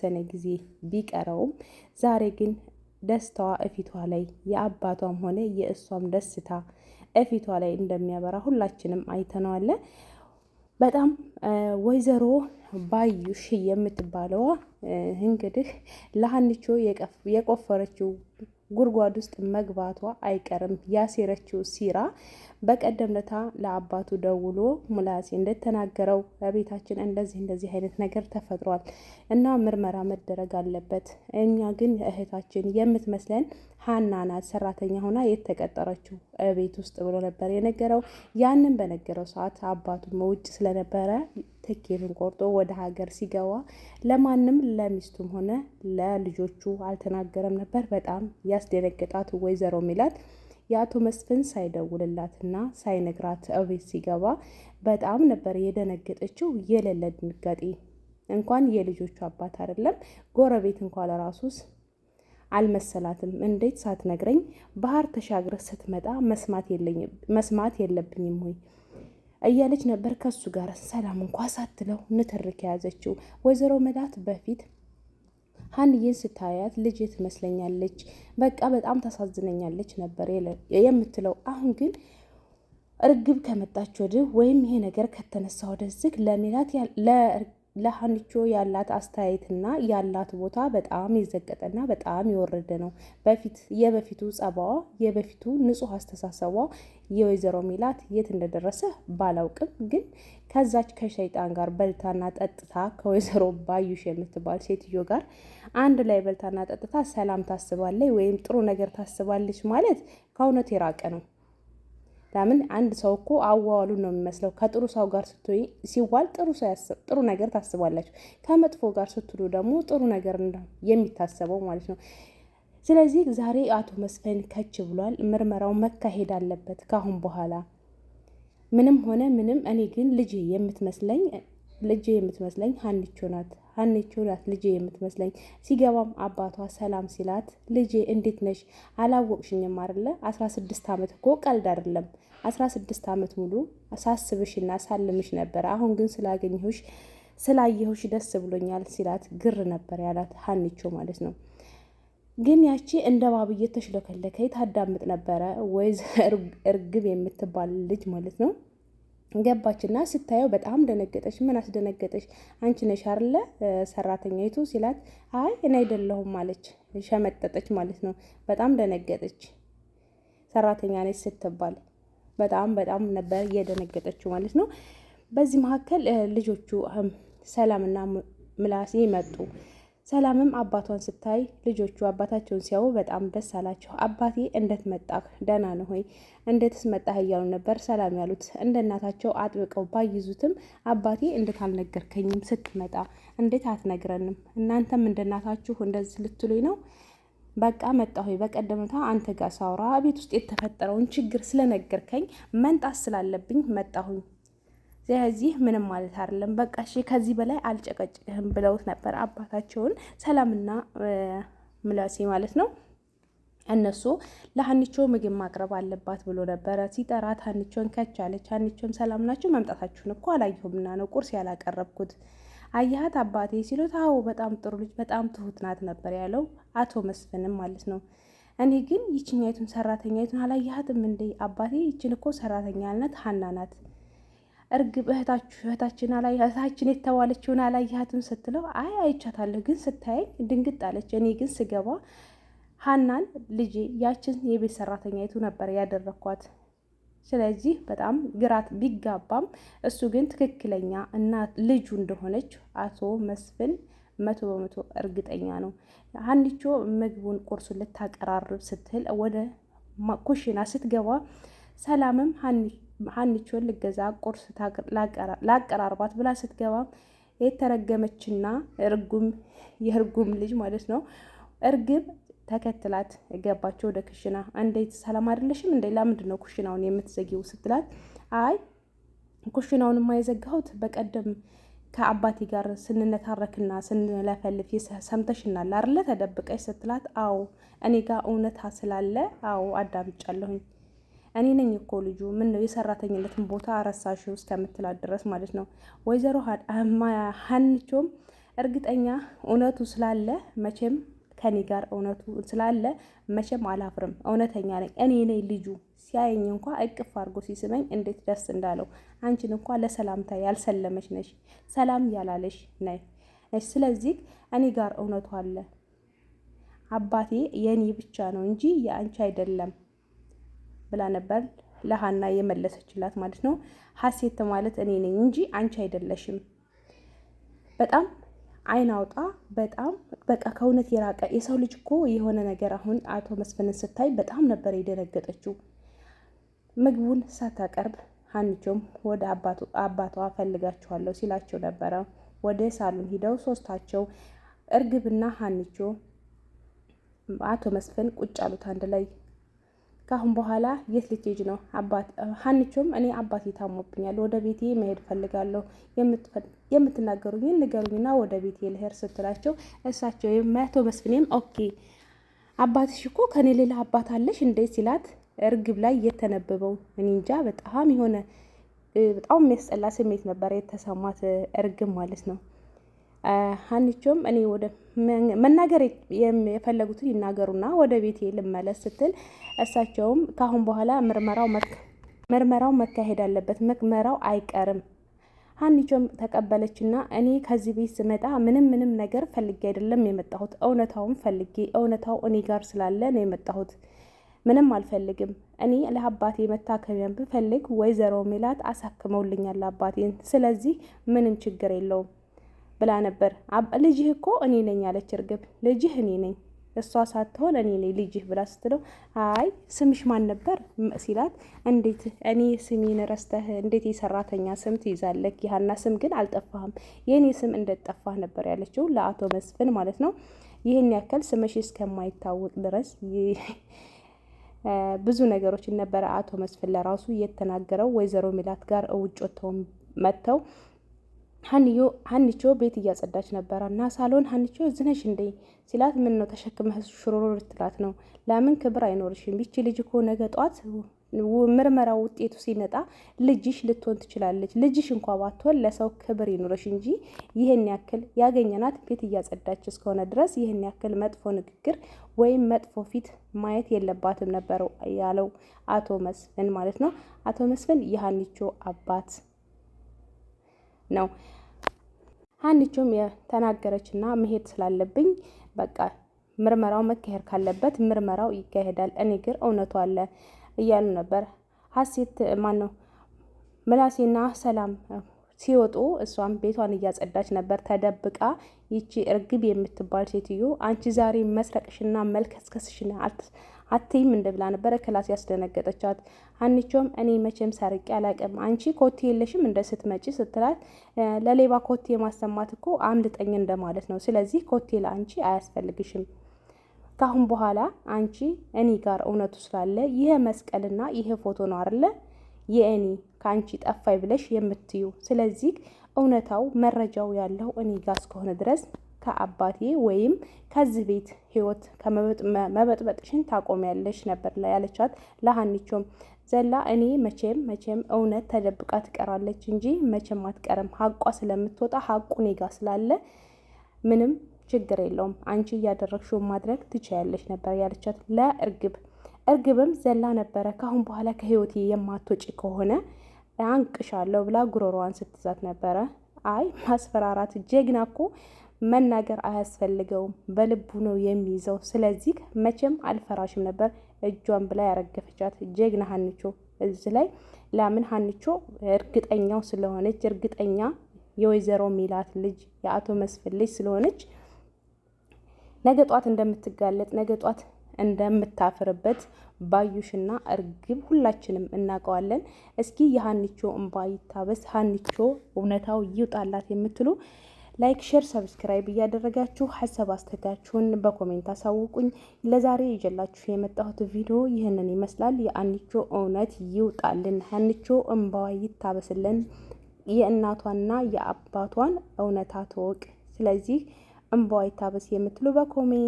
የተወሰነ ጊዜ ቢቀረውም ዛሬ ግን ደስታዋ እፊቷ ላይ የአባቷም ሆነ የእሷም ደስታ እፊቷ ላይ እንደሚያበራ ሁላችንም አይተነዋለ። በጣም ወይዘሮ ባዩሽ የምትባለዋ እንግዲህ ለሀኒቾ የቆፈረችው ጉድጓድ ውስጥ መግባቷ አይቀርም። ያሴረችው ሲራ በቀደም ለአባቱ ደውሎ ሙላሴ እንደተናገረው ቤታችን እንደዚህ እንደዚህ አይነት ነገር ተፈጥሯል እና ምርመራ መደረግ አለበት። እኛ ግን እህታችን የምትመስለን ሀና ናት ሰራተኛ ሆና የተቀጠረችው ቤት ውስጥ ብሎ ነበር የነገረው። ያንን በነገረው ሰዓት አባቱ ውጭ ስለነበረ ትኬቱን ቆርጦ ወደ ሀገር ሲገባ ለማንም ለሚስቱም ሆነ ለልጆቹ አልተናገረም ነበር። በጣም ያስደነግጣት ወይዘሮ ሚላት የአቶ መስፍን ሳይደውልላትና ሳይነግራት እቤት ሲገባ በጣም ነበር የደነገጠችው። የሌለ ድንጋጤ እንኳን የልጆቹ አባት አይደለም ጎረቤት እንኳ ለራሱስ አልመሰላትም። እንዴት ሳትነግረኝ ባህር ተሻግረህ ስትመጣ መስማት የለብኝም ወይ? እያለች ነበር ከሱ ጋር ሰላም እንኳ ሳትለው ንትርክ የያዘችው ወይዘሮ መላት በፊት ሀንዬን ስታያት ልጅ ትመስለኛለች፣ በቃ በጣም ታሳዝነኛለች ነበር የምትለው። አሁን ግን እርግብ ከመጣች ወዲህ ወይም ይሄ ነገር ከተነሳ ወደዚህ ለሜላት ለሀንቾ ያላት አስተያየትና ያላት ቦታ በጣም የዘቀጠና በጣም የወረደ ነው። በፊት የበፊቱ ጸባዋ፣ የበፊቱ ንጹህ አስተሳሰቧ የወይዘሮ ሚላት የት እንደደረሰ ባላውቅም ግን ከዛች ከሸይጣን ጋር በልታና ጠጥታ ከወይዘሮ ባዩሽ የምትባል ሴትዮ ጋር አንድ ላይ በልታና ጠጥታ ሰላም ታስባለች ወይም ጥሩ ነገር ታስባለች ማለት ከእውነት የራቀ ነው። ለምን አንድ ሰው እኮ አዋዋሉ ነው የሚመስለው። ከጥሩ ሰው ጋር ስትይ ሲዋል ጥሩ ሰው ያስብ ጥሩ ነገር ታስባላችሁ። ከመጥፎ ጋር ስትሉ ደግሞ ጥሩ ነገር የሚታሰበው ማለት ነው። ስለዚህ ዛሬ አቶ መስፍን ከች ብሏል። ምርመራው መካሄድ አለበት ካሁን በኋላ ምንም ሆነ ምንም። እኔ ግን ልጅ የምትመስለኝ ልጅ የምትመስለኝ ሀኒቾ ናት። ሀኒቾ ናት ልጄ የምትመስለኝ። ሲገባም አባቷ ሰላም ሲላት ልጄ እንዴት ነሽ አላወቅሽኝም አይደለ? አስራ ስድስት ዓመት እኮ ቀልድ አይደለም። አስራ ስድስት ዓመት ሙሉ ሳስብሽና ሳልምሽ ነበር። አሁን ግን ስላገኘሁሽ ስላየሁሽ ደስ ብሎኛል ሲላት ግር ነበር ያላት ሀኒቾ ማለት ነው። ግን ያቺ እንደ ባብዬ ተሽለከለከ ታዳምጥ ነበረ ወይዘ እርግብ የምትባል ልጅ ማለት ነው። ገባችና ስታየው በጣም ደነገጠች። ምን አስደነገጠች? አንቺ ነሽ አይደለ ሰራተኛይቱ ሲላት፣ አይ እኔ አይደለሁም አለች። ሸመጠጠች ማለት ነው። በጣም ደነገጠች። ሰራተኛ ነች ስትባል በጣም በጣም ነበር እየደነገጠችው ማለት ነው። በዚህ መካከል ልጆቹ ሰላምና ምላሴ መጡ። ሰላምም አባቷን ስታይ ልጆቹ አባታቸውን ሲያዩ በጣም ደስ አላቸው። አባቴ እንዴት መጣህ? ደህና ነህ ሆይ? እንዴትስ መጣህ? እያሉ ነበር ሰላም ያሉት። እንደ እናታቸው አጥብቀው ባይዙትም አባቴ እንዴት አልነገርከኝም? ስትመጣ እንዴት አትነግረንም? እናንተም እንደ እናታችሁ እንደዚህ ልትሉኝ ነው? በቃ መጣሁ። በቀደምታ አንተ ጋር ሳውራ ቤት ውስጥ የተፈጠረውን ችግር ስለነገርከኝ መንጣት ስላለብኝ መጣሁኝ። ስለዚህ ምንም ማለት አይደለም፣ በቃ እሺ ከዚህ በላይ አልጨቀጭቅህም ብለውት ነበር አባታቸውን ሰላምና ምላሴ ማለት ነው። እነሱ ለሀኒቾ ምግብ ማቅረብ አለባት ብሎ ነበረ ሲጠራት፣ ሀኒቾን ከች አለች። ሀኒቾን ሰላም ናችሁ? መምጣታችሁን እኮ አላየሁምና ነው ቁርስ ያላቀረብኩት አያት አባቴ ሲሉት፣ አዎ በጣም ጥሩ ልጅ በጣም ትሁት ናት ነበር ያለው አቶ መስፍንም ማለት ነው። እኔ ግን ይችኛይቱን ሰራተኛይቱን አላየሃትም እንዴ አባቴ? ይችን እኮ ሰራተኛ ያልናት ሀና ናት እርግብ እህታችሁ እህታችን አላይ እህታችን የተባለችውን አላየሃትም ስትለው አይ አይቻታለሁ፣ ግን ስታየኝ ድንግጥ አለች። እኔ ግን ስገባ ሀናን ልጄ ያችን የቤት ሰራተኛይቱ ነበር ያደረኳት። ስለዚህ በጣም ግራት ቢጋባም እሱ ግን ትክክለኛ እና ልጁ እንደሆነች አቶ መስፍን መቶ በመቶ እርግጠኛ ነው። ሀኒቾ ምግቡን ቁርሱን ልታቀራርብ ስትል ወደ ኩሽና ስትገባ ሰላምም ሀኒ ሀኒቾን ልገዛ ቁርስ ላቀራርባት ብላ ስትገባ የተረገመችና እርጉም የእርጉም ልጅ ማለት ነው እርግብ ተከትላት ገባቸው ወደ ክሽና። እንዴት ሰላም አይደለሽም እንዴ? ለምንድን ነው ኩሽናውን የምትዘጊው? ስትላት አይ ኩሽናውን የማይዘጋሁት በቀደም ከአባቴ ጋር ስንነታረክና ስንለፈልፍ ሰምተሽናል አይደለ? ተደብቀሽ ስትላት አዎ እኔ ጋር እውነታ ስላለ አዎ አዳምጫለሁኝ። እኔ ነኝ እኮ ልጁ ምን ነው የሰራተኝነትን ቦታ አረሳሽ እስከምትላት ድረስ ማለት ነው። ወይዘሮ ሀንቾም እርግጠኛ እውነቱ ስላለ መቼም ከኔ ጋር እውነቱ ስላለ መቼም አላፍርም፣ እውነተኛ ነኝ፣ እኔ ነኝ ልጁ። ሲያየኝ እንኳ እቅፍ አድርጎ ሲስመኝ እንዴት ደስ እንዳለው። አንቺን እንኳ ለሰላምታ ያልሰለመች ነሽ፣ ሰላም ያላለሽ ነሽ። ስለዚህ እኔ ጋር እውነቱ አለ። አባቴ የእኔ ብቻ ነው እንጂ የአንቺ አይደለም። ብላ ነበር ለሀና የመለሰችላት ማለት ነው። ሀሴት ማለት እኔ ነኝ እንጂ አንቺ አይደለሽም። በጣም አይን አውጣ፣ በጣም በቃ ከእውነት የራቀ የሰው ልጅ እኮ የሆነ ነገር አሁን አቶ መስፍንን ስታይ በጣም ነበር የደነገጠችው። ምግቡን ሳታቀርብ ሀንቾም ወደ አባቷ ፈልጋችኋለሁ ሲላቸው ነበረ። ወደ ሳሎን ሂደው ሶስታቸው እርግብና ሀንቾ አቶ መስፍን ቁጭ አሉት አንድ ላይ ካሁን በኋላ የት ልትሄጂ ነው? አባት ሀንቾም እኔ አባቴ ታሞብኛል፣ ወደ ቤቴ መሄድ ፈልጋለሁ፣ የምትናገሩኝ ንገሩኝና ወደ ቤቴ ልሄድ ስትላቸው እሳቸው የማያቶ መስፍኔም ኦኬ አባትሽ እኮ ከኔ ሌላ አባት አለሽ እንዴ ሲላት እርግብ ላይ የተነበበው እኔ እንጃ በጣም የሆነ በጣም የሚያስጠላ ስሜት ነበር የተሰማት እርግብ ማለት ነው። ሀኒቾም እኔ ወደ መናገር የፈለጉትን ይናገሩና ወደ ቤቴ ልመለስ ስትል እሳቸውም ከአሁን በኋላ ምርመራው መካሄድ አለበት፣ ምርመራው አይቀርም። ሀኒቾም ተቀበለችና እኔ ከዚህ ቤት ስመጣ ምንም ምንም ነገር ፈልጌ አይደለም የመጣሁት፣ እውነታውም ፈልጌ እውነታው እኔ ጋር ስላለ ነው የመጣሁት። ምንም አልፈልግም። እኔ ለአባቴ መታከሚያን ብፈልግ ወይዘሮ ሜላት አሳክመውልኛል አባቴን። ስለዚህ ምንም ችግር የለውም። ብላ ነበር። ልጅህ እኮ እኔ ነኝ አለች እርግብ። ልጅህ እኔ ነኝ እሷ ሳትሆን እኔ ነኝ ልጅህ ብላ ስትለው አይ ስምሽ ማን ነበር ሲላት፣ እንዴት እኔ ስሜን ረስተህ እንዴት የሰራተኛ ስም ትይዛለህ? ይህና ስም ግን አልጠፋህም፣ የእኔ ስም እንደጠፋህ ነበር ያለችው ለአቶ መስፍን ማለት ነው። ይህን ያክል ስምሽ እስከማይታወቅ ድረስ ብዙ ነገሮችን ነበረ አቶ መስፍን ለራሱ የተናገረው። ወይዘሮ ሚላት ጋር እውጭ ወጥተው መጥተው ሀንዮ ሀንቾ ቤት እያጸዳች ነበረ እና ሳሎን ሀንቾ ዝነሽ እንዴ ሲላት፣ ምን ነው ተሸክመህ ሽሮሮ ልትላት ነው? ለምን ክብር አይኖርሽም? ይቺ ልጅ እኮ ነገ ጧት ምርመራ ውጤቱ ሲመጣ ልጅሽ ልትሆን ትችላለች። ልጅሽ እንኳ ባትሆን ለሰው ክብር ይኑረሽ እንጂ ይህን ያክል ያገኘናት ቤት እያጸዳች እስከሆነ ድረስ ይህን ያክል መጥፎ ንግግር ወይም መጥፎ ፊት ማየት የለባትም ነበረው ያለው አቶ መስፍን ማለት ነው። አቶ መስፍን የሀንቾ አባት ነው። ሀኒቾም የተናገረች መሄድ ስላለብኝ በቃ ምርመራው መካሄድ ካለበት ምርመራው ይካሄዳል፣ እኔ ግን እውነቱ አለ እያሉ ነበር። ሀሴት ማን ነው ምላሴና ሰላም ሲወጡ እሷም ቤቷን እያጸዳች ነበር ተደብቃ። ይቺ እርግብ የምትባል ሴትዮ አንቺ ዛሬ መስረቅሽና መልከስከስሽን አትይም እንደ ብላ ነበረ ክላስ ያስደነገጠቻት። አንቾም እኔ መቼም ሰርቄ አላቅም አንቺ ኮቴ የለሽም እንደ ስትመጪ ስትላት ለሌባ ኮቴ ማሰማት እኮ አምልጠኝ ጠኝ እንደማለት ነው። ስለዚህ ኮቴ ለአንቺ አያስፈልግሽም። ካሁን በኋላ አንቺ እኔ ጋር እውነቱ ስላለ ይህ መስቀልና ይህ ፎቶ ነው አለ የእኔ ከአንቺ ጠፋይ ብለሽ የምትዩ። ስለዚህ እውነታው መረጃው ያለው እኔ ጋር እስከሆነ ድረስ ከአባቴ ወይም ከዚህ ቤት ህይወት ከመበጥበጥሽን ታቆሚያለሽ ነበር ያለቻት ለሀኒቾም ዘላ እኔ መቼም መቼም እውነት ተደብቃ ትቀራለች እንጂ መቼም አትቀርም። ሀቋ ስለምትወጣ ሀቁ ኔጋ ስላለ ምንም ችግር የለውም አንቺ እያደረግሽውን ማድረግ ትችያለሽ ነበር ያለቻት ለእርግብ። እርግብም ዘላ ነበረ ካሁን በኋላ ከህይወቴ የማትወጪ ከሆነ አንቅሻለሁ ብላ ጉሮሮዋን ስትዛት ነበረ። አይ ማስፈራራት ጀግና እኮ መናገር አያስፈልገውም፣ በልቡ ነው የሚይዘው። ስለዚህ መቼም አልፈራሽም ነበር እጇን ብላ ያረገፈቻት ጀግና ሀንቾ። እዚህ ላይ ለምን ሀንቾ እርግጠኛው ስለሆነች እርግጠኛ የወይዘሮ ሚላት ልጅ የአቶ መስፍን ልጅ ስለሆነች ነገ ጧት እንደምትጋለጥ ነገ ጧት እንደምታፍርበት ባዩሽና እርግብ ሁላችንም እናውቀዋለን። እስኪ የሀንቾ እንባ ይታበስ፣ ሀንቾ እውነታው ይውጣላት የምትሉ ላይክ፣ ሼር፣ ሰብስክራይብ እያደረጋችሁ ሀሳብ አስተያየታችሁን በኮሜንት አሳውቁኝ። ለዛሬ ይዤላችሁ የመጣሁት ቪዲዮ ይህንን ይመስላል። የአንቾ እውነት ይውጣልን። አንቾ እንባዋ ይታበስልን። የእናቷና የአባቷን እውነታ ትወቅ። ስለዚህ እንባዋ ይታበስ የምትሉ በኮሜንት